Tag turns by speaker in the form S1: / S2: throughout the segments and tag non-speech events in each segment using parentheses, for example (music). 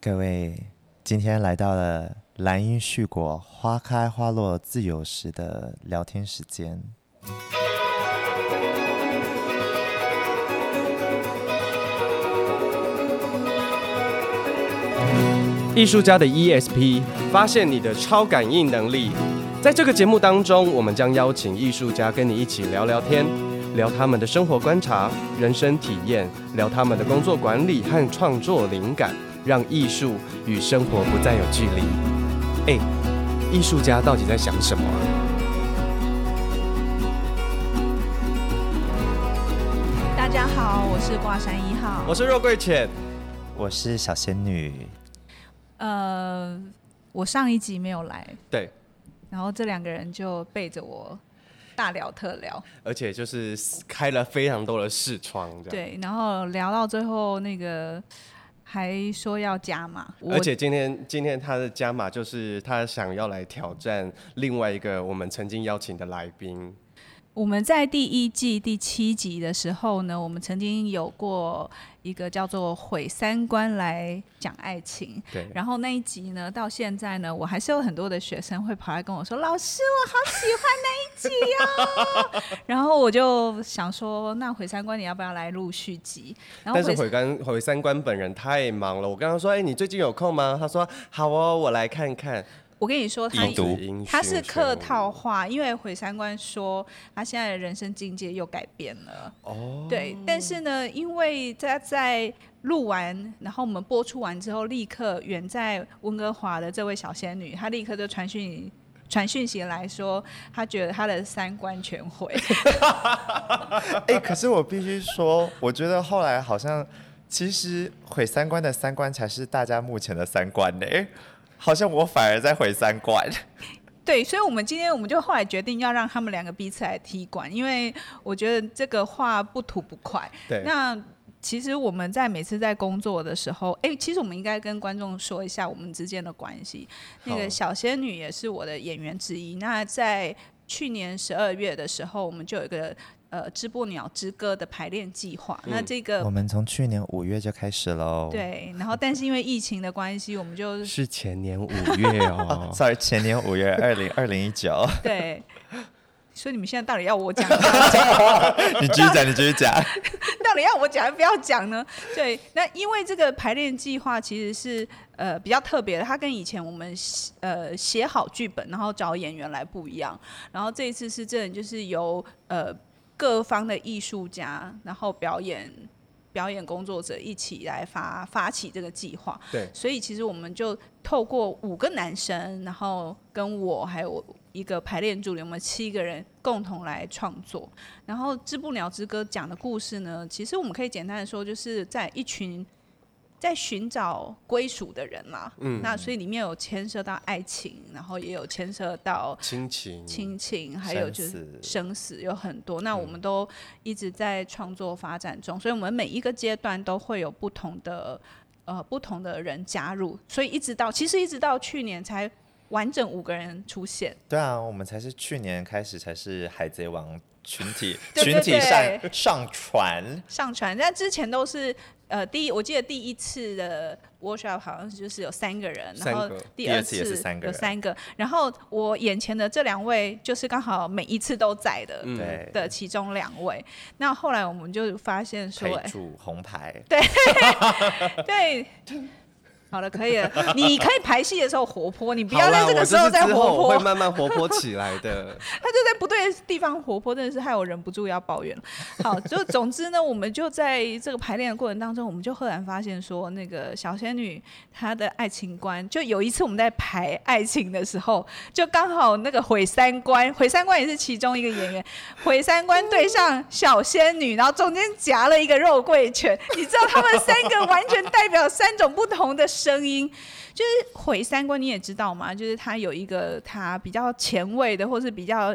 S1: 各位，今天來到了蘭因絮果、花開花落自有時的聊天時間。
S2: 藝術家的 ESP 發現你的超感應能力，在這個節目當中，我們將邀請藝術家跟你一起聊聊天，聊他們的生活觀察、人生體驗，聊他們的工作管理和創作靈感。讓藝術與生活不再有距離。欸，藝術家到底在想什麼啊？
S3: 大家好，我是卦山一號，我
S1: 是肉桂犬，我是小仙女。
S3: 呃，我上一集沒有來，對，然後這兩個人就背着我大聊特聊，
S2: 而且就是開了非常多的視窗，對，
S3: 然後聊到最後那個。還說要加碼，而且
S2: 今天今天他的加碼就是他想要來挑戰另外一個我們曾經邀請的來賓。
S3: 我們在第一季第七集的時候呢，我們曾經有過一個叫做“毀三觀”來講愛情。對。然後那一集呢，到現在呢，我還是有很多的學生會跑來跟我說：“ (laughs) 老師，我好喜歡那一集哦、啊。” (laughs) 然後我就想說：“那毀三觀，你要不要來錄續集？”但是毀
S2: 三毀三觀本人太忙了。我剛剛說：“哎、欸，你最近有空嗎？”他說：“好哦，我來看看。”
S3: 我跟你說，他，毒他是客套話，因為毀三觀說他現在的人生境界又改變了。
S2: 哦，
S1: 對，
S3: 但是呢，因為他在錄完，然後我們播出完之後，立刻遠在溫哥華的這位小仙女，她立刻就傳訊傳訊息來說，她覺得她的三觀全毀。
S2: 哎、 (laughs) (laughs) 欸，可是我必
S1: 須說， (laughs) 我覺得後來好像其實毀三觀的三觀才是大家目前的三觀呢、欸。好像我反而在毀三觀。
S3: 對，所以，我們今天我們就後來決定要讓他們兩個彼此來踢館，因為我覺得這個話不吐不快。對。那其實我們在每次在工作的時候，哎、欸，其實我們應該跟觀眾說一下我們之間的關係。好那個小仙女也是我的演員之一。那在去年十二月的時候，我們就有一個。呃，《織布鳥之歌》的排練計劃，嗯、那這個我們
S1: 從去年五月就開始嘍。對，
S3: 然後但是因為疫情的關係， (laughs) 我們就是
S1: 前年五月哦，在、 (laughs) oh, sorry, 前年五月二零二零一九。
S3: (laughs) 對，所以你們現在到底要我講？ (laughs) (laughs) 你繼續
S2: 講，你繼續講。
S3: 到底要我講還是不要講呢？對，那因為這個排練計劃其實是呃比較特別的，它跟以前我們呃寫好劇本然後找演員來不一樣。然後這一次是真的，就是由呃。各方的藝術家，然後表演表演工作者一起來發發起這個計劃。對，所以其實我們就透過五個男生，然後跟我還有我一個排練助理，我們七個人共同來創作。然後《織布鳥之歌》講的故事呢，其實我們可以簡單的說，就是在一群。在尋找歸屬的人嘛、啊，嗯、那所以裡面有牽涉到愛情，然後也有牽涉到親
S2: 情、親情戚，還有就是生
S3: 死，生死有很多。那我們都一直在創作發展中，嗯、所以我們每一個階段都會有不同的呃不同的人加入，所以一直到其實一直到去年才完整五個人出現。
S1: 對啊，我們才是去年開始才是海賊王群體 (laughs) 群體上 (laughs) 上船
S3: (laughs) 上船，但之前都是。呃，第一，我記得第一次的 workshop 好像是就是有三個人，個然後第二次有三個，三個人然後我眼前的這兩位就是剛好每一次都在的，對、嗯，的其中兩位。那後來我們就發現說，哎，
S2: 紅牌，對，
S3: (laughs) (laughs) 對。好了，可以了。你可以排戲的時候活潑，你不要在這個時候再活潑。會慢
S2: 慢活潑起來的。 (laughs)
S3: 他就在不對的地方活潑，真的是害我忍不住要抱怨。好，就總之呢，我們就在這個排練的過程當中，我們就赫然發現說，那個小仙女她的愛情觀，就有一次我們在排愛情的時候，就剛好那個毀三觀，毀三觀也是其中一個演員，毀三觀對上小仙女，然後中間夾了一個肉桂犬，你知道他們三個完全代表三種不同的。聲音就是毀三觀，你也知道嘛，就是他有一個他比較前衛的，或是比較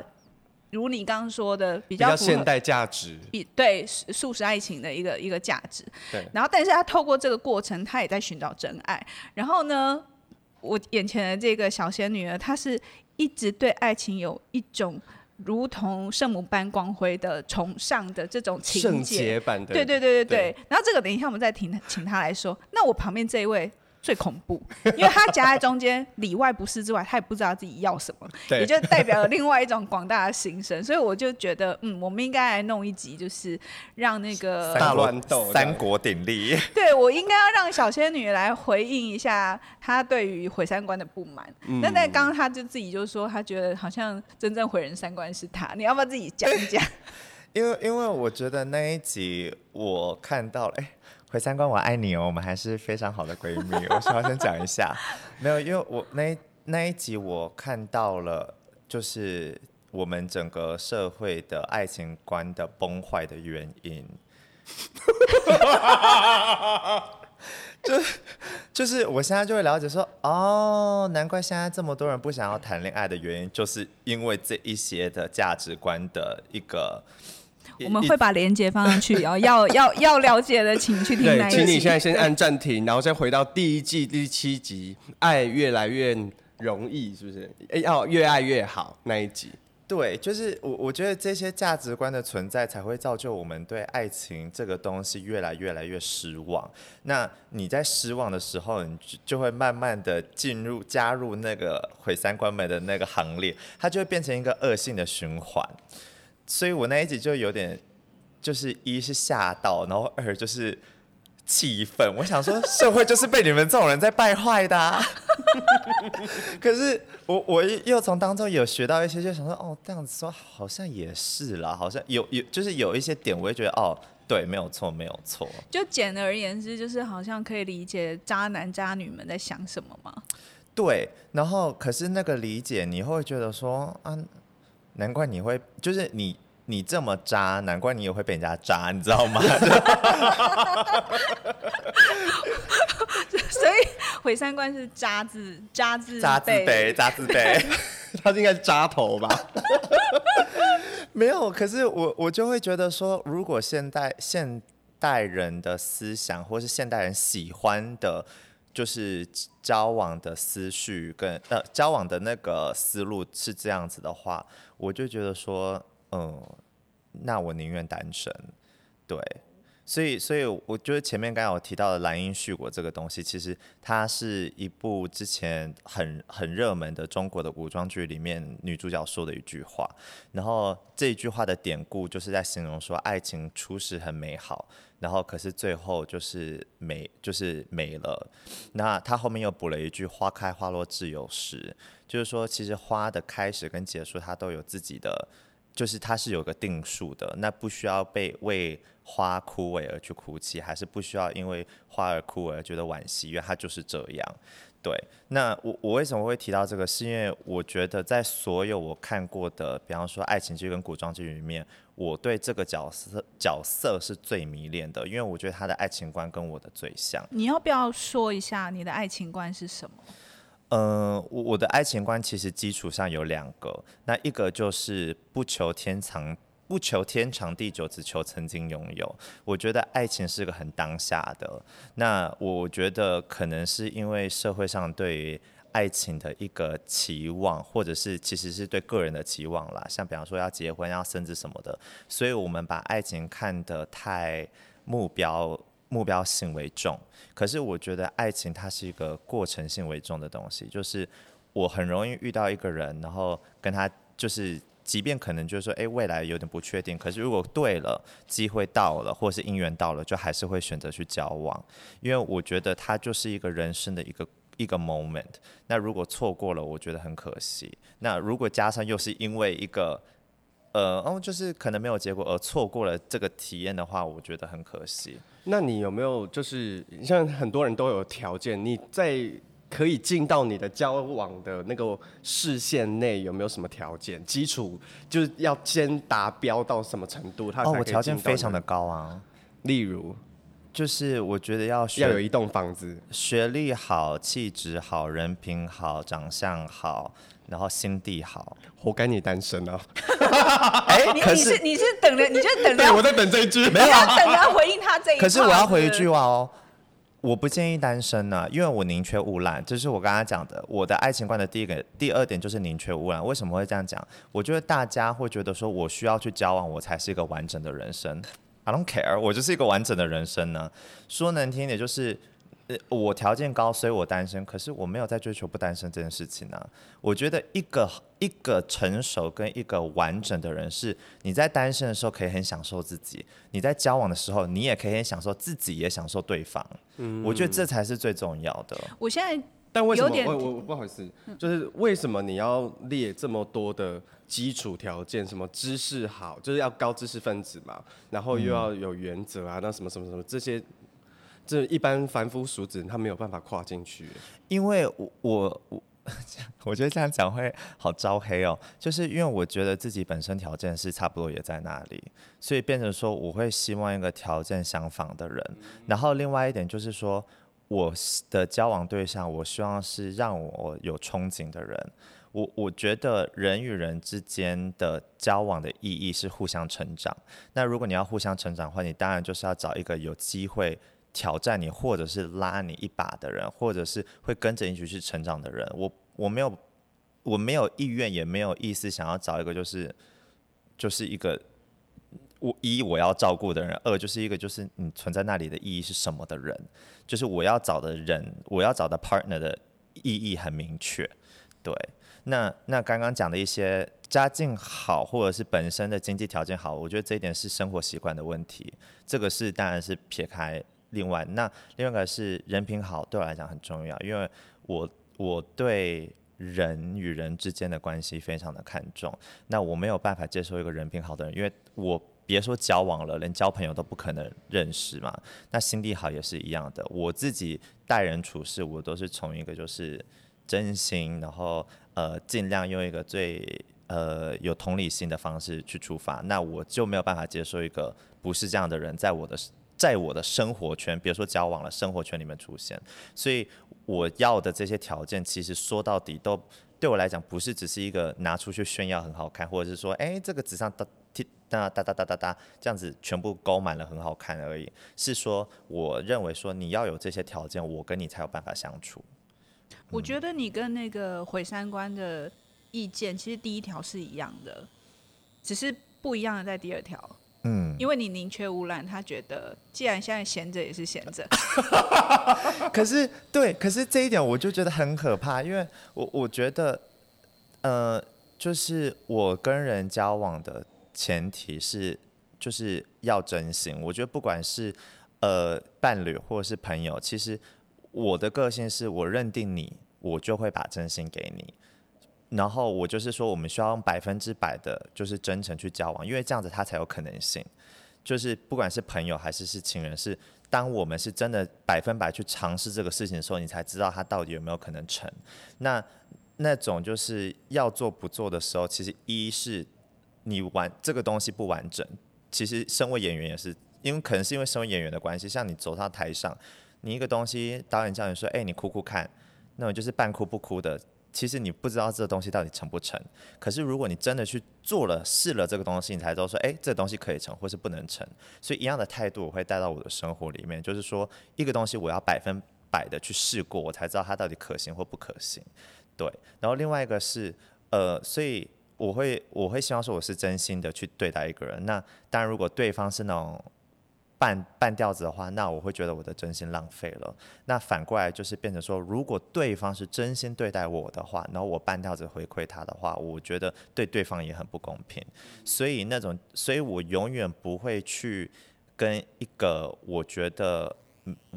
S3: 如你剛剛說的比較，比較現代
S2: 價值，
S3: 比對素食愛情的一個一個價值。對。然後，但是他透過這個過程，他也在尋找真愛。然後呢，我眼前的這個小仙女，她是一直對愛情有一種如同聖母般光輝的崇尚的這種情節。聖潔般的。對對對對對。對，然後這個等一下我們再聽，請他來說。那我旁邊這一位。最恐怖，因為他夾在中間， (laughs) 裡外不是之外，他也不知道自己要什麼，對 也就代表了另外一種廣大的心聲。 (laughs) 所以我就覺得，嗯，我們應該來弄一集，就是讓那個大亂鬥，三，對三國鼎立。對，我應該要讓小仙女來回應一下她對於毀三觀的不滿。那那剛剛她就自己就說，她覺得好像真正毀人三觀是他，你要不要自己講一講？
S1: (laughs) 因為因為我覺得那一集我看到了，哎、欸。毀三觀，我愛你哦，我們還是非常好的閨蜜。我稍微想先講一下， (laughs) 沒有，因為我那一那一集我看到了，就是我們整個社會的愛情觀的崩壞的原因。就就是，就是、我現在就會了解說，哦，難怪現在這麼多人不想要談戀愛的原因，就是因為這一些的價值觀的一個。我們會把鏈
S3: 接放上去，喔，然後 (laughs) 要要要了解的，請去聽那一集。對，請你現在先按
S2: 暫停，然後再回到第一季第七集《愛越來越容易》，是不是？哎，哦，越愛越好那一集。對，就是我我覺得這些價值觀的存在，才會造就我們對愛
S1: 情這個東西越來越來越失望。那你在失望的時候，你就會慢慢的進入加入那個毀三觀們的那個行列，它就會變成一個惡性的循環。所以我那一集就有點，就是一是嚇到，然後二就是氣憤。我想說，社會就是被你們這種人在敗
S2: 壞的啊。
S1: (laughs) (laughs) 可是我我又從當中有學到一些，就想說，哦，這樣子說好像也是啦，好像有有就是有一些點，我會覺得，哦，對，沒有錯，沒有錯。
S3: 就簡而言之，就是好像可以理解渣男渣女們在想什麼嗎？
S1: 對，然後可是那個理解，你會覺得說啊。難怪你會，就是你你這麼渣，難怪你也會被人家渣，你知道嗎？
S2: (laughs)
S3: (laughs) (laughs) 所以毀三觀是渣字渣字渣字輩渣字輩，
S2: 對 (laughs) 他是應該是渣頭吧？
S1: (laughs) 沒有，可是我我就會覺得說，如果現代現代人的思想，或是現代人喜歡的就是交往的思緒跟呃交往的那個思路是這樣子的話，我就覺得說，嗯，那我寧願單身，對，所以所以我就是前面剛剛我提到的“蘭因絮果”這個東西，其實它是一部之前很很熱門的中國的古裝劇裡面女主角說的一句話，然後這一句話的典故就是在形容說愛情初始很美好。然後，可是最後就是沒，就是沒了。那他後面又補了一句：“花開花落自有時。”就是說，其實花的開始跟結束，它都有自己的，就是它是有個定數的。那不需要被為花枯萎而去哭泣，還是不需要因為花而枯萎而覺得惋惜，因為它就是這樣。對，那我我為什麼會提到這個？是因為我覺得在所有我看過的，比方說愛情劇跟古裝劇裡面，我對這個角色角色是最迷戀的，因為我覺得他的愛情觀跟我的最像。
S3: 你要不要說一下你的愛情觀是什麼？
S1: 嗯、呃，我我的愛情觀其實基礎上有兩個，那一個就是不求天長。不求天長地久，只求曾經擁有。我覺得愛情是個很當下的。那我覺得可能是因為社會上對於愛情的一個期望，或者是其實是對個人的期望啦。像比方說要結婚、要生子什麼的，所以我們把愛情看得太目標，目標性為重。可是我覺得愛情它是一個過程性為重的東西，就是我很容易遇到一個人，然後跟他就是。即便可能就是說，誒、欸，未來有點不確定，可是如果對了，機會到了，或是姻緣到了，就還是會選擇去交往，因為我覺得它就是一個人生的一個一個 moment。那如果錯過了，我覺得很可惜。那如果加上又是因為一個，呃，哦，就是可能沒有結果而錯過了這個體驗的話，我覺
S2: 得很可惜。那你有沒有就是像很多人都有條件，你在？可以進到你的交往的那個視線內，有沒有什麼條件？基礎就是要先達標到什麼程度，他哦，我條件非常的高啊。例如，就是我覺得要要有一棟房子，學歷好、
S1: 氣質好、人品好、長相好，然後心地好，活該你單身哦。
S3: 哎，你是你是等着，你就等着， (laughs) 我在等這一句，我要等着了 (laughs) 回應他這一句。可是我要回一句話、
S1: 啊、哦。我不建議單身呢、啊，因為我寧缺毋濫，這、就是我剛剛講的。我的愛情觀的第一個、第二點就是寧缺毋濫。為什麼會這樣講？我覺得大家會覺得說我需要去交往，我才是一個完整的人生。I don't care，我就是一個完整的人生呢、啊。說難聽點就是。呃，我條件高，所以我單身。可是我沒有在追求不單身這件事情呢、啊。我覺得一個一個成熟跟一個完整的人是你在單身的時候可以很享受自己；你在交往的時候，你也可以很享受自己，也享受對方。嗯，
S3: 我覺得這
S1: 才是最重要的。
S3: 我現在有點，但為什麼
S2: 我我不好意思，就是為什麼你要列這麼多的基礎條件？什麼知識好，就是要高知識分子嘛，然後又要有原則啊，那什麼什麼什麼這些。這一般凡夫俗子他沒有辦法跨進去，因為我我我覺得這樣講會好招黑哦，就是因
S1: 為我覺得自己本身條件是差不多也在那裡，所以變成說我會希望一個條件相仿的人。然後另外一點就是說我的交往對象我希望是讓我有憧憬的人我，我我覺得人與人之間的交往的意義是互相成長，那如果你要互相成長的話，你當然就是要找一個有機會挑戰你，或者是拉你一把的人，或者是會跟着你一起去成長的人。我我沒有，我沒有意願，也沒有意思，想要找一個就是，就是一個我一我要照顧的人，二就是一個就是你存在那裡的意義是什麼的人。就是我要找的人，我要找的 partner 的意義很明確。對，那那剛剛講的一些家境好，或者是本身的經濟條件好，我覺得這一點是生活習慣的問題。這個是當然是撇開。另外，那另外一個是人品好，對我來講很重要，因為我我對人與人之間的關係非常的看重。那我沒有辦法接受一個人品好的人，因為我別說交往了，連交朋友都不可能認識嘛。那心地好也是一樣的，我自己待人處事，我都是從一個就是真心，然後呃盡量用一個最呃有同理心的方式去出發。那我就沒有辦法接受一個不是這樣的人，在我的。在我的生活圈，比如說交往了，生活圈裡面出現，所以我要的這些條件，其實說到底都對我來講，不是只是一個拿出去炫耀很好看，或者是說，哎、欸，這個紙上噠噠噠噠噠噠噠這樣子全部勾滿了很好看而已，是說我認為說你要有這些條件，我跟你才有辦法相處。嗯。
S3: 我覺得你跟那個毀三觀的意見，其實第一條是一樣的，只是不一樣的在第二條。嗯，因為你寧缺毋濫，他覺得既然現在閒着也是閒着
S1: 可是，對，可是這一點我就覺得很可怕，因為我我覺得，呃，就是我跟人交往的前提是，就是要真心。我覺得不管是呃伴侶或者是朋友，其實我的個性是我認定你，我就會把真心給你。然後我就是說，我們需要用百分之百的、就是真誠去交往，因為這樣子他才有可能性。就是不管是朋友還是是情人，是當我們是真的百分百去嘗試這個事情的時候，你才知道他到底有沒有可能成。那那種就是要做不做的時候，其實一是你玩這個東西不完整。其實身為演員也是，因為可能是因為身為演員的關係，像你走到台上，你一個東西導演叫你說，哎，你哭哭看，那我就是半哭不哭的。其實你不知道這東西到底成不成，可是如果你真的去做了試了這個東西，你才知道說，哎，這東西可以成，或是不能成。所以一樣的態度我會帶到我的生活裡面，就是說一個東西我要百分百的去試過，我才知道它到底可行或不可行。對，然後另外一個是，呃，所以我會我會希望說我是真心的去對待一個人。那當然，如果對方是那種。半半吊子的話，那我會覺得我的真心浪費了。那反過來就是變成說，如果對方是真心對待我的話，然後我半吊子回饋他的話，我覺得對對方也很不公平。所以那種，所以我永遠不會去跟一個我覺得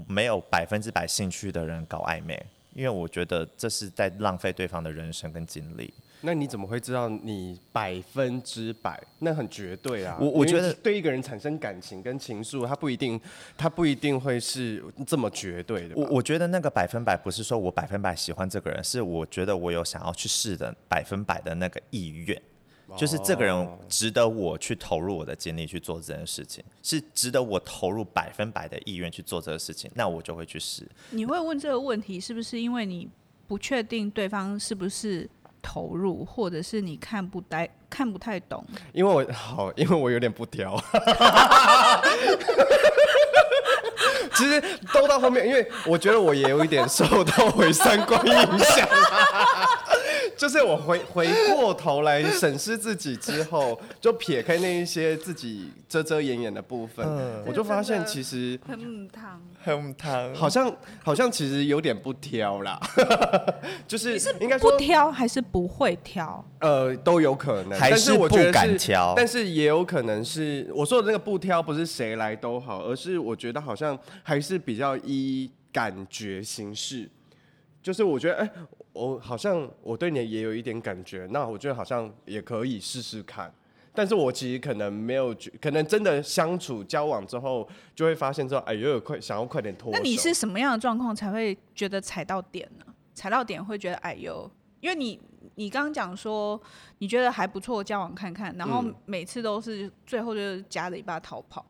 S1: 沒有百分之百興趣的人搞曖昧，因為我覺得這是在浪費對方的人生跟精力。
S2: 那你怎麼會知道你百分之百？那很絕對啊！我我覺得對一個人產生感情跟情愫，他不一定，他不一定會是這麼絕對的。我我覺得那個百分百不是說我百
S1: 分百喜歡這個人，是我覺得我有想要去試的百分百的那個意願，哦、就是這個人值得我去投入我的精力去做這件事情，是值得我投入百分百的意願去做這個事情，那我就會去試。
S3: 你會問這個問題，是不是因為你不確定對方是不是？投入，或者是你看不呆，看不太懂。
S2: 因為我好，因為我有點不挑。 (laughs) (laughs) (laughs) 其實都到後面， (laughs) 因為我覺得我也有一點受到毀三觀影響 (laughs) (laughs) (laughs) 就是我回回過頭來審視自己之後， (laughs) 就撇開那一些自己遮遮掩掩的部分，呃、我就發現其實很難，很難，好像好像其實有點不挑啦，
S3: (laughs) 就是應該說是不挑還是不會挑？
S2: 呃，都有可能，還是不敢挑？但是我覺得是，但是也有可能是我說的這個不挑，不是誰來都好，而是我覺得好像還是比較依感覺行事。就是我覺得哎。欸我好像我對你也有一點感覺，那我覺得好像也可以試試看，但是我其實可能沒有覺，可能真的相處交往之後就會發現說，哎呦，快想要快點脫。那你是
S3: 什麼樣的狀況才會覺得踩到點呢？踩到點會覺得哎呦，因為你你剛剛講說你覺得還不錯交往看看，然後每次都是最後就是夾着尾巴逃跑。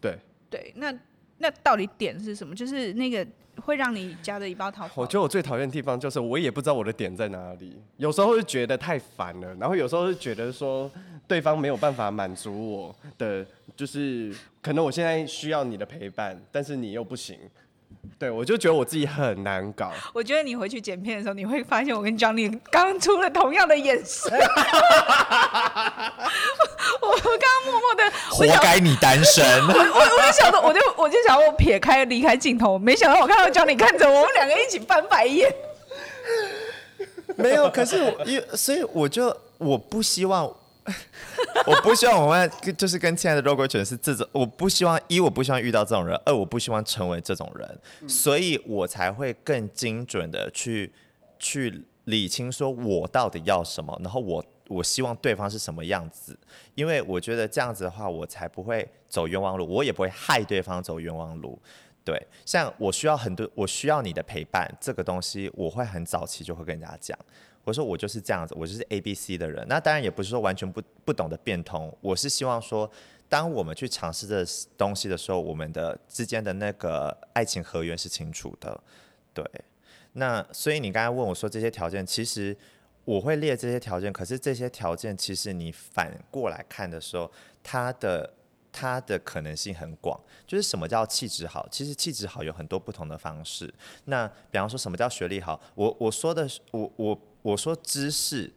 S3: 對對，那。那到底點是什麼？就是那個會讓你加的一包桃花。我覺得
S2: 我最討厭的地方就是，我也不知道我的點在哪裡。有時候會覺得太煩了，然後有時候會覺得說對方沒有辦法滿足我的，就是可能我現在需要你的陪伴，但是你又不行。對，我就覺得我自己很難搞。
S3: 我覺得你回去剪片的時候，你會發現我跟 Johnny 剛出了同樣的眼神。 (laughs) (laughs) 我我剛默默的，活該
S1: 你單身。 (laughs) 我我我就想着，我
S3: 就我就想要我撇開離開鏡頭，沒想到我看到 Johnny 看着我， (laughs) 我們兩個一起翻白眼。
S1: (laughs) 沒有，可是我因為所以我就我不希望。 (laughs) (laughs) 我不希望我們就是跟親愛的肉桂犬是這種，我不希望，一我不希望遇到這種人，二我不希望成為這種人，所以我才會更精準的去去理清，說我到底要什麼，然後我我希望對方是什麼樣子，因為我覺得這樣子的話，我才不會走冤枉路，我也不會害對方走冤枉路。對，像我需要很多，我需要你的陪伴，這個東西我會很早期就會跟人家講。我說我就是這樣子，我就是 A B C 的人。那當然也不是說完全不不懂得變通，我是希望說，當我們去嘗試這東西的時候，我們的之間的那個愛情合約是清楚的。對，那所以你剛才問我說這些條件，其實我會列這些條件，可是這些條件其實你反過來看的時候，它的。他的可能性很廣，就是什麼叫氣質好？其實氣質好有很多不同的方式。那比方說什麼叫學歷好？我我說的是我我我說知識，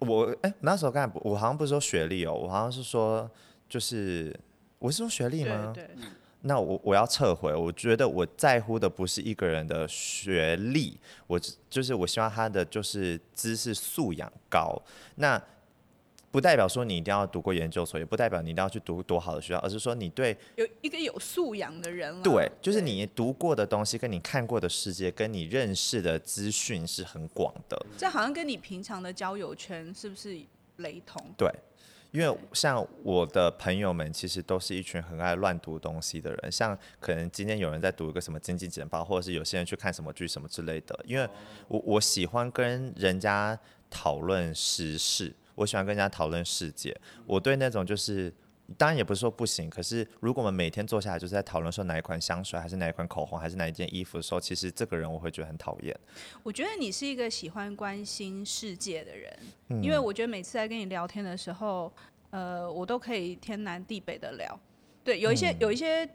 S1: 我哎、欸，那時候剛才我好像不是說學歷哦、喔，我好像是說就是我是說學歷嗎？對對對，那我我要撤回，我覺得我在乎的不是一個人的學歷，我就是我希望他的就是知識素養高。那不代表說你一定要讀過研究所，也不代表你一定要去讀多好的學校，而是說你對
S3: 有一個有素養的人啊。對，
S1: 就是你讀過的東西，跟你看過的世界，跟你認識的資訊是很廣的。這
S3: 好像跟你平常的交友圈是不是雷同？
S1: 對，因為像我的朋友們，其實都是一群很愛亂讀東西的人。像可能今天有人在讀一個什麼經濟簡報，或者是有些人去看什麼劇什麼之類的。因為我我喜歡跟人家討論時事。我喜歡跟人家討論世界。我對那種就是，當然也不是說不行，可是如果我們每天坐下來就是在討論說哪一款香水，還是哪一款口紅，還是哪一件衣服的時候，其實這個人我會覺得很討厭。
S3: 我覺得你是一個喜歡關心世界的人，嗯、因為我覺得每次在跟你聊天的時候，呃，我都可以天南地北的聊。對，有一些、嗯、有一些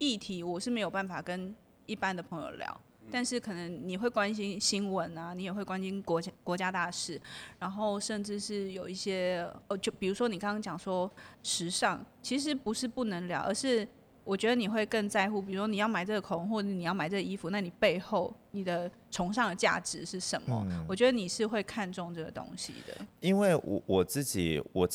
S3: 議題，我是沒有辦法跟一般的朋友聊。但是可能你會關心新聞啊，你也會關心國家國家大事，然後甚至是有一些呃，就比如說你剛剛講說時尚，其實不是不能聊，而是我覺得你會更在乎，比如說你要買這個口紅或者你要買這個衣服，那你背後你的崇尚的價值是什麼？嗯、我覺得你是會看重這個東西
S1: 的。因為我我自己我。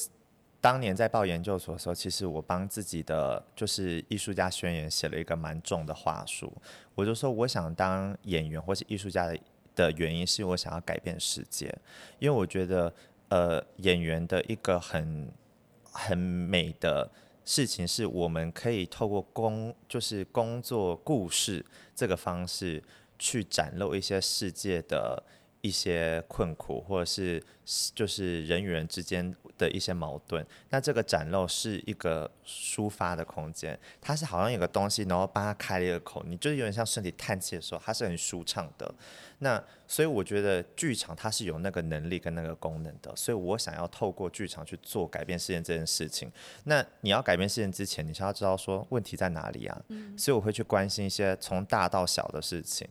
S1: 當年在報研究所的時候，其實我幫自己的就是藝術家宣言寫了一個蠻重的話術。我就說，我想當演員或是藝術家的的原因，是我想要改變世界。因為我覺得，呃，演員的一個很很美的事情，是我們可以透過工，就是工作故事這個方式，去展露一些世界的一些困苦，或者是就是人與人之間的一些矛盾，那這個展露是一個抒發的空間，它是好像有一個東西，然後幫它開了一個口，你就是有點像身體嘆氣的時候，它是很舒暢的。那所以我覺得劇場它是有那個能力跟那個功能的，所以我想要透過劇場去做改變世界這件事情。那你要改變世界之前，你先要知道說問題在哪裡啊。所以我會去關心一些從大到小的事情。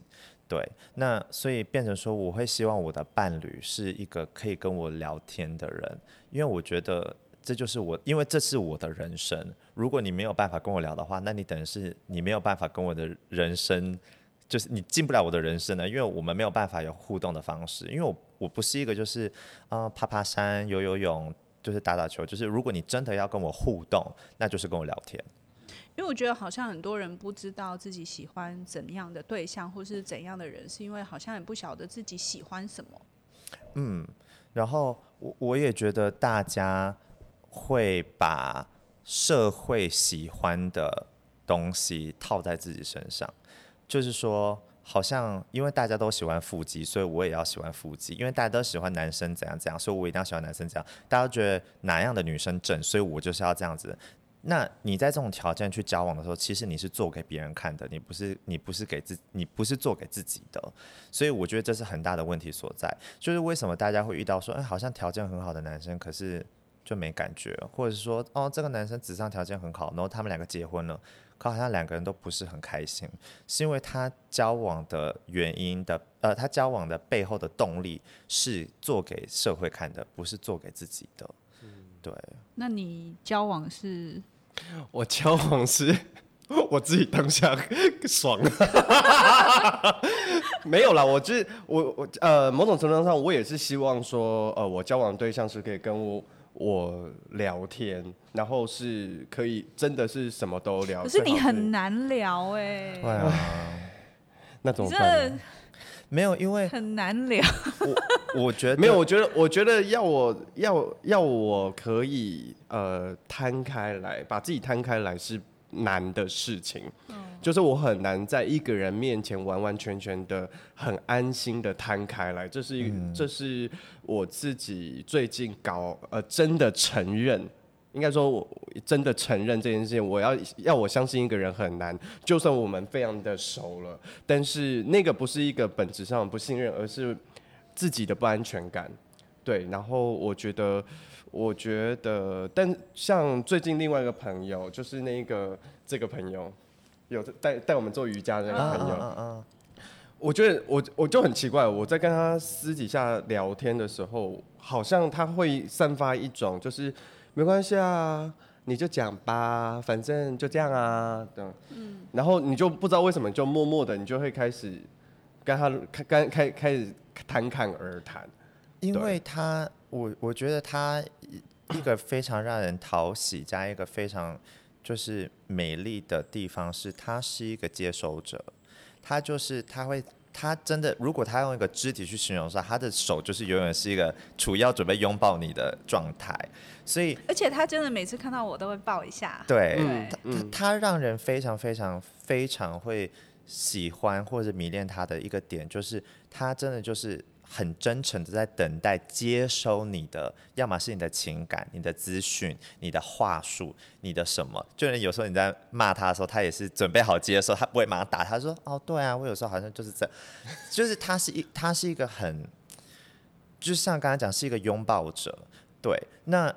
S1: 對，那所以變成說，我會希望我的伴侶是一個可以跟我聊天的人，因為我覺得這就是我，因為這是我的人生。如果你沒有辦法跟我聊的話，那你等於是你沒有辦法跟我的人生，就是你進不了我的人生呢？因為我們沒有辦法有互動的方式。因為我我不是一個就是，呃，爬爬山、游游泳、就是打打球，就是如果你真的要跟我互動，那就是跟我聊天。
S3: 因為我覺得好像很多人不知道自己喜歡怎樣的對象或是怎樣的人，是因為好像也不曉得自己喜歡什麼。
S1: 嗯，然後我我也覺得大家會把社會喜歡的東西套在自己身上，就是說好像因為大家都喜歡腹肌，所以我也要喜歡腹肌；因為大家都喜歡男生怎樣怎樣，所以我一定要喜歡男生這樣。大家覺得哪樣的女生正，所以我就是要這樣子。那你在這種條件去交往的時候，其實你是做給別人看的，你不是你不是給自你不是做給自己的，所以我覺得這是很大的問題所在。就是為什麼大家會遇到說，哎、嗯，好像條件很好的男生，可是就沒感覺，或者說，哦，這個男生紙上條件很好，然後他們兩個結婚了，可好像兩個人都不是很開心，是因為他交往的原因的，呃，他交往的背後的動力是做給社會看的，不是做給自己的。
S2: 對。
S3: 那你交往是？我
S2: 交往時，我自己當下爽了，啊， (laughs) (laughs) 沒有了。我就是我我呃，某種程度上，我也是希望說，呃，我交往對象是可以跟我，我聊天，然後是可以真的是什麼都聊。可是你
S3: 很難聊，欸，哎，
S2: 對啊，那種。沒有，
S3: 因為很難聊 (laughs) 我。我
S2: 我覺得沒有，我覺得我覺得要我要要我可以呃攤開來，把自己攤開來是難的事情，嗯、就是我很難在一個人面前完完全全的很安心的攤開來，這是、嗯、這是我自己最近搞呃真的承認。應該說，我真的承認這件事情。我要要我相信一個人很難，就算我們非常的熟了，但是那個不是一個本質上不信任，而是自己的不安全感。對，然後我覺得，我覺得，但像最近另外一個朋友，就是那個這個朋友，有帶帶我們做瑜伽的那個朋友，oh, oh, oh, oh. 我覺得我我就很奇怪，我在跟他私底下聊天的時候，好像他會散發一種就是。沒關係啊，你就講吧，反正就這樣啊，等嗯，然後你就不知道為什麼，就默默的，你就會開始跟他跟開，開開開始侃侃而談。
S1: 因為他，對我我覺得他一個非常讓人討喜， (coughs) 加一個非常就是美麗的地方，是他是一個接收者，他就是他會。他真的，如果他用一個肢體去形容說，他的手就是永遠是一個處於要準備擁抱你的狀態，所以
S3: 而且他真的每次看到我都會抱一下。
S1: 對他，他讓人非常非常非常會喜歡或者迷戀他的一個點，就是他真的就是。很真誠的在等待接收你的，要麼是你的情感，你的資訊，你的話術，你的什麼？就是有時候你在罵他的時候，他也是準備好接受，他不會馬上打他。他說：“哦，對啊，我有時候好像就是這樣， (laughs) 就是他是一，他是一個很，就像剛才講是一個擁抱者，對。那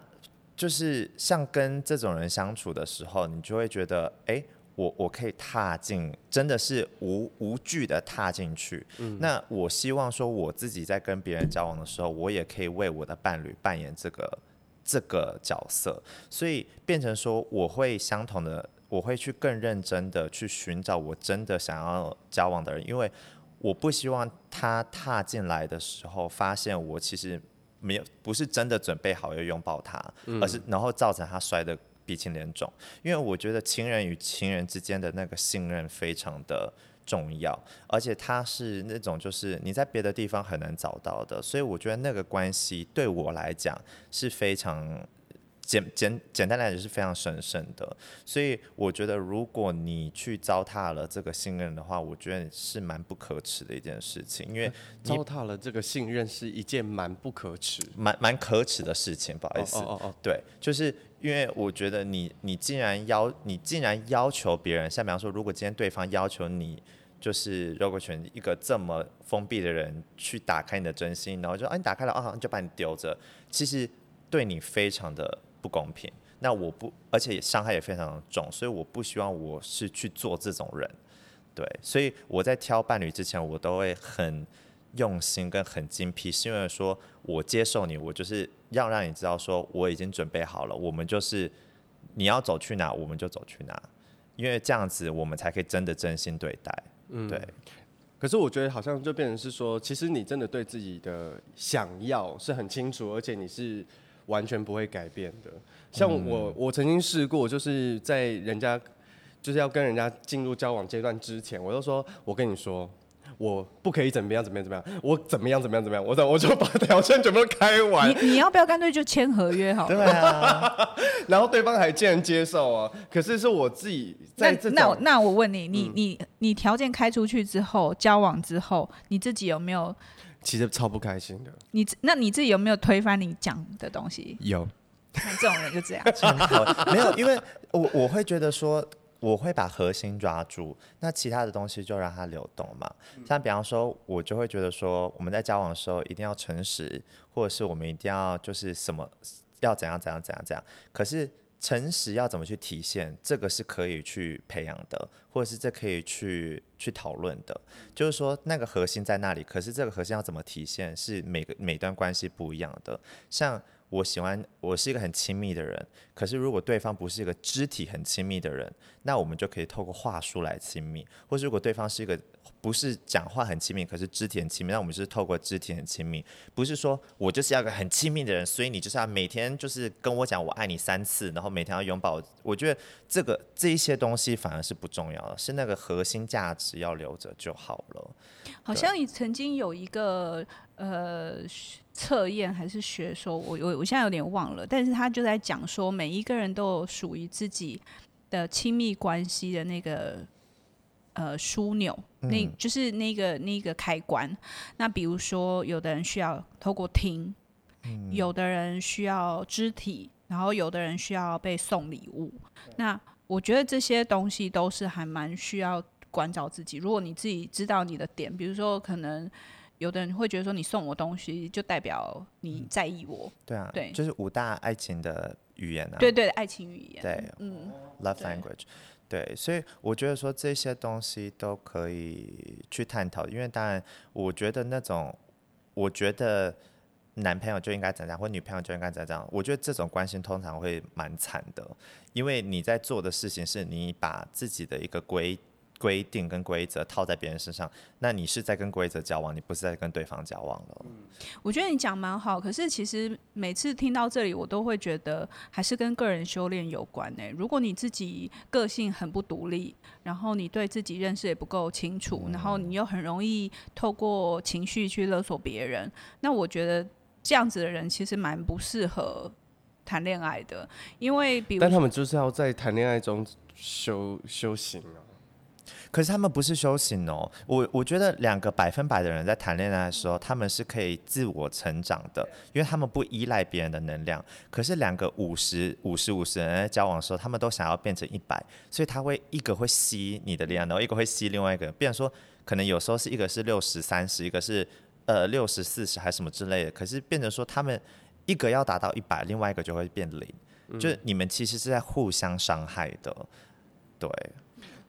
S1: 就是像跟這種人相處的時候，你就會覺得，哎。”我我可以踏進，真的是無無懼的踏進去。嗯，那我希望說我自己在跟別人交往的時候，我也可以為我的伴侶扮演這個這個角色。所以變成說，我會相同的，我會去更認真的去尋找我真的想要交往的人，因為我不希望他踏進來的時候，發現我其實沒有不是真的準備好要擁抱他，嗯，而是然後造成他摔的。鼻青臉腫，因為我覺得情人與情人之間的那個信任非常的重要，而且他是那種就是你在別的地方很難找到的，所以我覺得那個關係對我來講是非常簡簡簡單來講是非常神聖的。所以我覺得如果你去糟蹋了這個信任的話，我覺得是蠻不可恥的一件事情，因
S2: 為糟蹋了這個信任是一件蠻不可恥、蠻蠻可恥的
S1: 事情。不好意思，哦哦哦，對，就是。因為我覺得你，你竟然要，你竟然要求別人，像比方說，如果今天對方要求你，就是 r o g 一個這麼封閉的人去打開你的真心，然後就啊你打開了啊，就把你丟着，其實對你非常的不公平，那我不，而且傷害也非常的重，所以我不希望我是去做這種人，對，所以我在挑伴侶之前，我都會很。用心跟很精闢，是因為說，我接受你，我就是要讓你知道，說我已經準備好了，我們就是你要走去哪，我們就走去哪，因為這樣子我們才可以真的真心對待，
S2: 對、嗯。可是我覺得好像就變成是說，其實你真的對自己的想要是很清楚，而且你是完全不會改變的。像我，我曾經試過，就是在人家就是要跟人家進入交往階段之前，我都說我跟你說。我不可以怎麼樣怎麼樣怎麼樣，我怎麼樣怎麼樣怎麼樣，我怎我就把條件全部都開完你。
S3: 你你要不要乾脆就簽合約好？ (laughs) 對啊。
S2: (laughs) 然後對方還竟然接受啊！可是是我自己在這那。那那，那
S3: 我問你，嗯，你你你條件開出去之後，交往之後，你自己有沒有？
S2: 其實超不開心的。
S3: 你那你自己有沒有推翻你講的東西？有。那這種人就這樣。 (laughs) (laughs) 沒有，因為
S2: 我我會覺得說。我會把核
S1: 心抓住，那其他的東西就讓它流動嘛。像比方說，我就會覺得說，我們在交往的時候一定要誠實，或者是我們一定要就是什麼要怎樣怎樣怎樣怎樣。可是誠實要怎麼去體現，這個是可以去培養的，或者是這可以去去討論的。就是說那個核心在那裡，可是這個核心要怎麼體現，是每個每段關係不一樣的。像。我喜歡我是一個很親密的人，可是如果對方不是一個肢體很親密的人，那我們就可以透過話術來親密；或是如果對方是一個不是講話很親密，可是肢體很親密，那我們就是透過肢體很親密。不是說我就是要個很親密的人，所以你就是要每天就是跟我講我愛你三次，然後每天要擁抱。我覺得這個這一些東西反而是不重要的，是那個核心價值要留着就好了。
S3: 好像你曾經有一個。呃，測驗還是學說，我我我現在有點忘了。但是他就在講說，每一個人都有屬於自己的親密關係的那個呃樞紐，嗯、那就是那個那個開關。那比如說，有的人需要透過聽，嗯、有的人需要肢體，然後有的人需要被送禮物。嗯、那我覺得這些東西都是還蠻需要關照自己。如果你自己知道你的點，比如說可能。有的人會覺得說你送我東西就代表你在意我，嗯、對啊，對，就
S1: 是五大愛情的語言啊，對對
S3: 愛情語言，對，嗯，love language，
S1: 對，對，所以我覺得說這些東西都可以去探討，因為當然，我覺得那種我覺得男朋友就應該怎樣，或女朋友就應該怎樣，我覺得這種關係通常會蠻慘的，因為你在做的事情是你把自己的一個規。規定跟規則套在別人身上，那你是在跟規則交往，你不是在跟對方交往了。
S3: 嗯，我覺得你講蠻好，可是其實每次聽到這裡，我都會覺得還是跟個人修煉有關誒，欸。如果你自己個性很不獨立，然後你對自己認識也不夠清楚，嗯。然後你又很容易透過情緒去勒索別人，那我覺得這樣子的人其實蠻不適合談戀愛的，因為比如，但他們
S2: 就是要在談戀愛中修修行
S1: 啊。可是他們不是修行哦、喔，我我覺得兩個百分百的人在談戀愛的時候，他們是可以自我成長的，因為他們不依賴別人的能量。可是兩個五十五十五十人在交往的時候，他們都想要變成一百，所以他會一個會吸你的力量，然後一個會吸另外一個。變成說可能有時候是一個是六十三十，一個是呃六十四十還是什麼之類的。可是變成說他們一個要達到一百，另外一個就會
S2: 變零、嗯，就是
S1: 你們其實是在互相傷害的，對。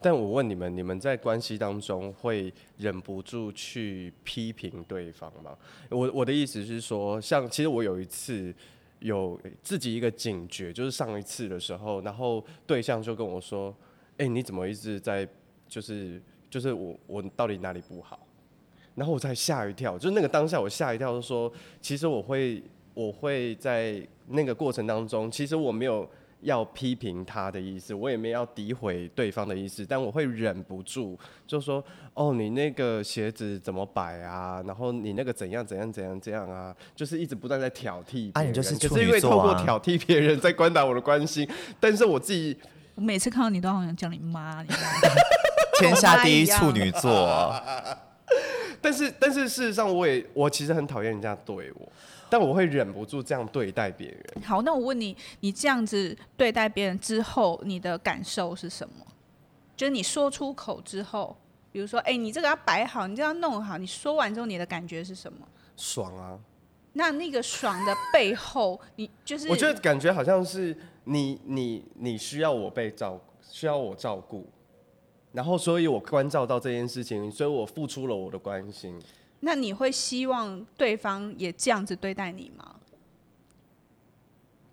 S2: 但我問你們，你們在關係當中會忍不住去批評對方嗎？我我的意思是說，像其實我有一次有自己一個警覺，就是上一次的時候，然後對象就跟我說：“哎、欸，你怎麼一直在就是就是我我到底哪裡不好？”然後我才嚇一跳，就是那個當下我嚇一跳，就說其實我會我會在那個過程當中，其實我沒有。要批評他的意思，我也沒有要詆毀對方的意思，但我會忍不住就說：“哦，你那個鞋子怎麼擺啊？然後你那個怎樣怎樣怎樣怎樣啊？就是一直不斷在挑剔。”啊，你就是處女座、啊、就是因為透過挑剔別人，在關打我的關心，但是我自己，
S3: 我每次看到你都好像叫你媽，天下 (laughs) 第一處女
S2: 座、啊。
S3: (laughs) 但是，但是事實上，
S2: 我也我其實很討厭人家對我。但我會忍不住這樣對待別人。
S3: 好，那我問你，你這樣子對待別人之後，你的感受是什麼？就是你說出口之後，比如說，哎、欸，你這個要擺好，你這樣弄好，你說完之後，你的感覺是什麼？爽啊！那那個爽的背後，你就是我覺得感
S2: 覺好像是你你你需要我被照顧，需要我照顧，然後所以我關照到這件事情，所以我付出了我的關心。
S3: 那你會希望對方也這樣子對待你嗎？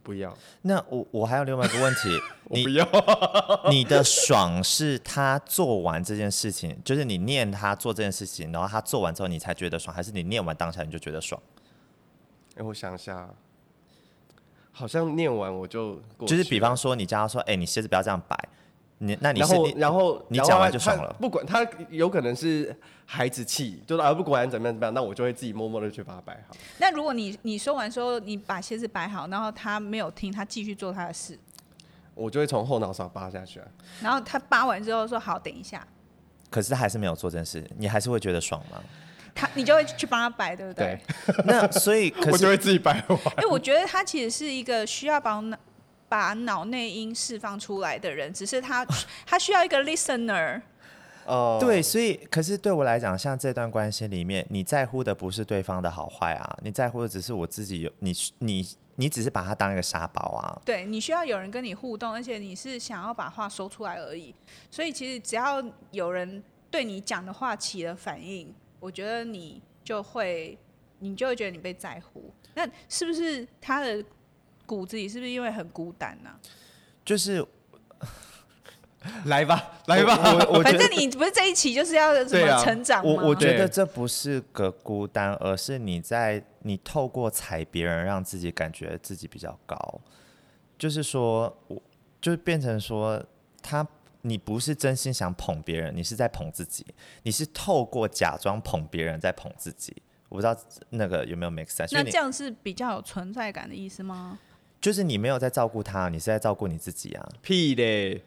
S2: 不
S1: 要。那我我還有另外一個問題。 (laughs) 你不要。
S3: (laughs) 你的
S1: 爽是他做完這件事情，就是你念他做這件事情，然後他做完之後你才覺得爽，還是你念完當下你就覺得爽？
S2: 哎、欸，我想一下，好像念完我就過去。就是比
S1: 方說你叫他說，哎、欸，你鞋子不要這樣擺。你那你然後你然後你講完就爽了，
S2: 不管他有可能是孩子氣，就是而、啊、不管怎麼樣怎麼樣，那我就會自己默默的去把他擺好。
S3: 那如果你你說完之後，你把鞋子擺好，然後他沒有聽，他繼續做他的事，
S2: 我就會從後腦勺扒下去啊。
S3: 然後他扒完之後說好，等一下，
S1: 可是還是沒有做這件事，你還是會覺得爽嗎？
S3: 他你就會去幫他擺，對不對？對。
S2: (laughs) 那所以可是我就會自己擺完。
S3: 因為我覺得他其實是一個需要幫把腦內音釋放出來的人，只是他， (laughs) 他需要一個 listener，哦，uh, 對，
S1: 所以，可是對我來講，像這段關係裡面，你在乎的不是對方的好壞啊，你在乎的只是我自己，有你，你，你只是把他當一個沙包
S3: 啊，對，你需要有人跟你互動，而且你是想要把話說出來而已，所以其實只要有人對你講的話起了反應，我覺得你就會，你就會覺得你被在乎，那是不是他的？自己是不是因為很孤單呢、啊？
S1: 就是 (laughs) 來吧，來吧，反正
S3: 你不是在一起，就是要什麼成長、啊。我我覺得
S1: 這不是個孤單，對而是你在你透過踩別人，讓自己感覺自己比較高。就是說，我就是變成說，他你不是真心想捧別人，你是在捧自己，你是透過假裝捧別人在捧自己。我不知道那個有沒有 make sense？那這樣
S3: 是比較有存在感的意思嗎？
S1: 就是你沒有在照顧他，你是在照顧你自己啊！屁嘞！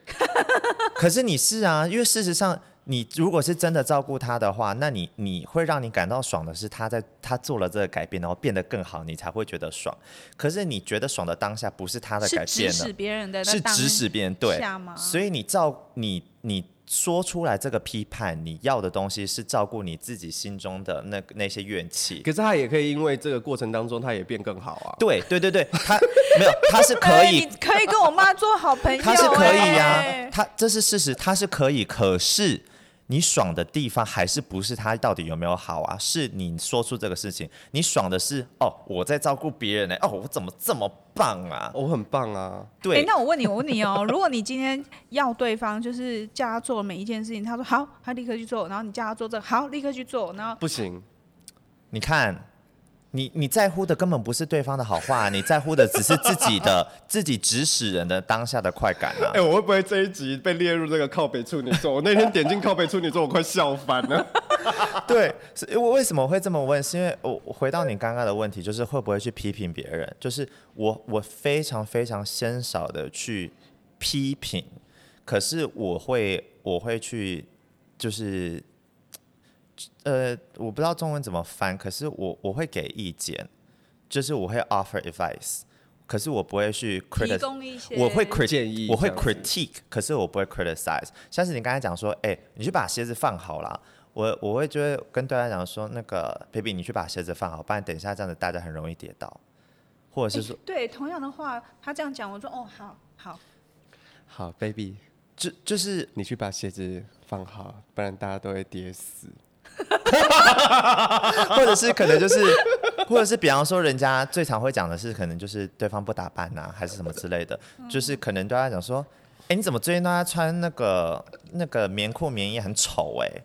S1: (laughs) 可是你是啊，因為事實上，你如果是真的照顧他的話，那你你會讓你感到爽的是他在他做了這個改變，然後變得更好，你才會覺得爽。可是你覺得爽的當下，不是他的改變呢，是指使別人的在當下嗎？是指使別人對，所以你照你你。你說出來這個批判，你要的東西是照顧你自己心中的那那些怨
S2: 氣。可是他也可以因為這個過程當中，他也變更好啊。對對對對，他 (laughs)
S3: 沒有，他是可以，欸、你可以跟我媽做好朋友。他是可以呀、啊，欸、
S2: 他這是事實，他是可以。
S1: 可是。你爽的地方還是不是他到底有沒有好啊？是你說出這個事情，你爽的是哦，我在照顧別人呢、欸，哦，我怎麼這麼棒啊？我很
S2: 棒啊，對、欸。那我
S3: 問你，我問你哦、喔， (laughs) 如果你今天要對方，就是叫他做每一件事情，他說好，他立刻去做，然後你叫他做這個，好，立刻去做，然後
S2: 不行，
S1: 你看。你你在乎的根本不是對方的好話，啊，你在乎的只是自己的 (laughs) 自己指使人的，的當下的快感啊！
S2: 哎、欸，我會不會這一集被列入這個靠北處女座？ (laughs) 我那天點進靠北處女座，我快笑翻了。 (laughs) 對，所以，我為什麼會這麼問？
S1: 是因為我回到你剛剛的問題，就是會不會去批評別人？就是我我非常非常鮮少的去批評，可是我會我會去就是。呃，我不知道中文怎麼翻，可是我我會給意見，就是我會 offer advice，可是我不會去 critic 提供一些，我會 crit 建議，我會 critique，可是我不會 criticize。像是你剛才講說，哎、欸，你去把鞋子放好啦，我我會覺得跟大家講說，那個 baby，你去把鞋子放好，不然等一下這樣子大家很容易跌倒，或者是說，欸、
S3: 對，同樣的話，他這樣講，我說哦，好好
S2: 好，baby，就就是你去把鞋子放好，不然大家都會跌死。
S3: (laughs) (laughs) 或者是可能就是，
S1: 或者是比方說，人家最常會講的是，可能就是對方不打扮吶、啊，還是什麼之類的。嗯、就是可能對他講說：“哎、欸，你怎麼最近大家穿那個那個棉褲棉衣很醜哎、欸？”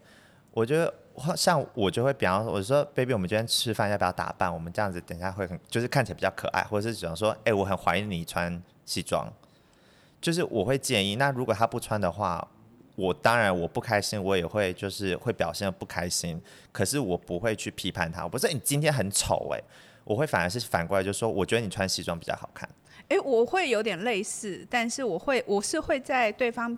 S1: 我覺得像我就會比方說我說：“baby，我們今天吃飯要不要打扮？我們這樣子等一下會很就是看起來比較可愛，或者是只能說，哎、欸，我很懷疑你穿西裝，就是我會建議。那如果他不穿的話。”我當然我不開心，我也會就是會表現的不開心，可是我不會去批判他，不是你今天很醜哎、欸，我會反而是反過來就說，我覺得你穿西裝比較好看、
S3: 欸。我會有點類似，但是我會我是會在對方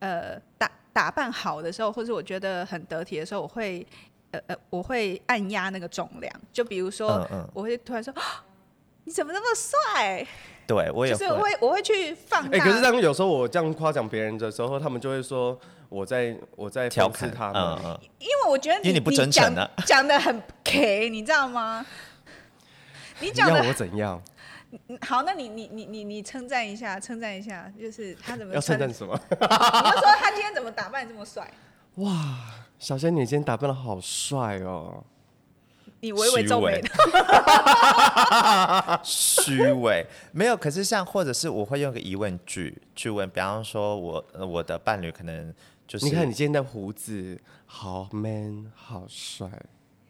S3: 呃打打扮好的時候，或者我覺得很得體的時候，我會呃呃我會按壓那個重量，就比如說嗯嗯我會突然說，你怎麼那麼帥？
S2: 對，我也是。我會，
S3: 我會去放大哎、欸，可是當
S2: 有時候我這樣誇獎別人的時候，他們就會說我在我在挑刺他們。嗯
S3: 嗯因為我覺得你你不真誠，講的很 K，你知道嗎？你講的我怎樣？好，那你你你你你稱讚一下，稱讚一下，就是他怎麼稱要稱讚什麼？我就說他今天怎麼打扮這麼帥？
S2: (laughs) 哇，小仙女今天打扮的好帥哦！
S3: 你微微
S2: 皺眉的偉，虛偽， (laughs) 沒有。可是像，
S1: 或者是我會用個疑問句去問，比方說我，我我的伴侶可能就是，你
S3: 看你
S2: 今天的鬍子好 man，好帥，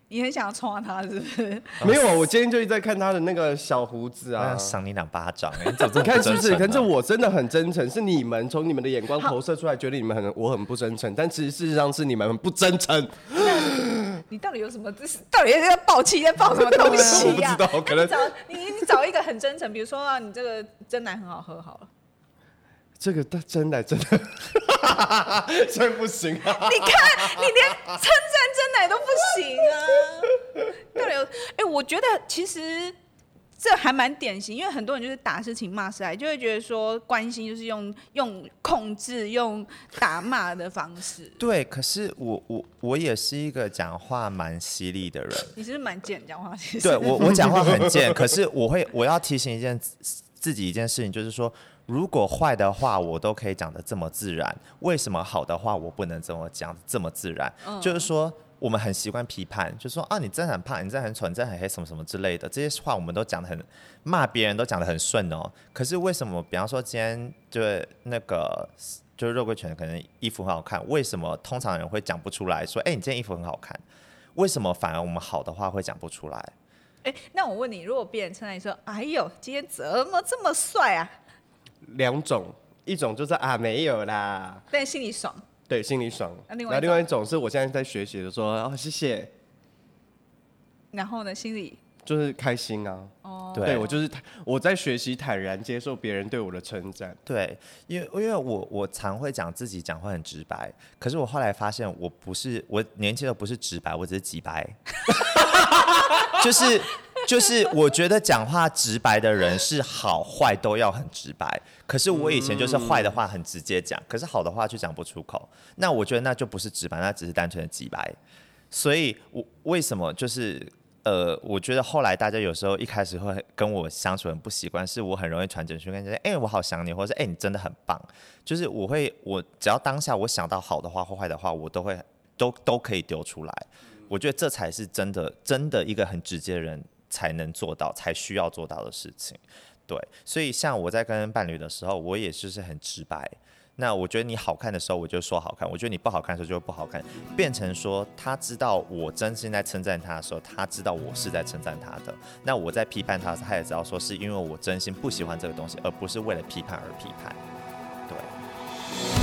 S3: 你很想要戳他是不是？Oh, 沒有啊，
S2: 我今天就一直在看他的那個小鬍子啊，賞你兩巴掌，欸，你麼麼，啊、你看是不是？可是我真的很真誠， (laughs) 是你們從你們的眼光投射出來，覺得你們很，好我很不真誠，但其實事實上是你們很不真誠。
S3: (laughs) 你到底有什麼姿勢？到底要爆氣，要爆什麼東西呀？ (laughs) 我不知道，可能你找你，你找一個很真誠，比如說啊，你這個珍奶很好喝好了。
S2: 這個但珍奶真的真 (laughs) 不
S3: 行啊！你看，你連稱讚珍奶都不行啊！對了，哎、欸，我覺得其實。這還蠻典型，因為很多人就是打是情、罵是愛，就會覺得說關心就是用用控制、用打罵的方式。
S1: (laughs) 對，可是我我我也是一個講話蠻犀利的人。 (laughs) 你是
S3: 不是蠻賤？講話犀利。對，我我講話很賤， (laughs) 可是
S1: 我會我要提醒一件自己一件事情，就是說，如果壞的話我都可以講得這麼自然，為什麼好的話我不能這麼講這麼自然？嗯，就是說。我們很習慣批判，就說啊，你真的很胖，你真的很蠢，你真的很黑，什麼什麼之類的，這些話我們都講得很，罵別人都講得很順哦、喔。可是為什麼，比方說今天就是那個就是肉桂犬，可能衣服很好看，為什麼通常人會講不出來說，哎、欸，你這件衣服很好看？為什麼反而我們好的話會講不
S2: 出來？
S3: 哎、欸，那我問你，如果別人在那裡說，哎呦，今天怎麼這麼帥啊？
S2: 兩種，一種就是啊，沒有啦，
S3: 但心裡爽。
S2: 對，心裡爽。那另外，另外一種是，我現在在學習的時候，然、哦、後謝謝。
S3: 然後呢，心裡
S2: 就是開心啊。哦、oh，對，我就是我在學習，坦然接受別人對我的稱讚。對，因為因為我我常會講自己講話很直白，
S1: 可是我後來發現，我不是我年輕的不是直白，我只是擠白。 (laughs) (laughs) 就是。 (laughs) 就是我覺得講話直白的人是好壞都要很直白。可是我以前就是壞的話很直接講，可是好的話就講不出口。那我覺得那就不是直白，那只是單純的直白。所以，我為什麼就是呃，我覺得後來大家有時候一開始會跟我相處很不習慣，是我很容易傳簡訊跟人家說，欸，我好想你，或者欸，你真的很棒。就是我會，我只要當下我想到好的話或壞的話，我都會都都可以丟出來。我覺得這才是真的，真的一個很直接的人。才能做到，才需要做到的事情，對。所以像我在跟伴侶的時候，我也就是很直白。那我覺得你好看的時候，我就說好看；我覺得你不好看的時候，就不好看，變成說他知道我真心在稱讚他的時候，他知道我是在稱讚他的。那我在批判他時，他也知道說是因為我真心不喜歡這個東西，而不是為了批判而批判，對。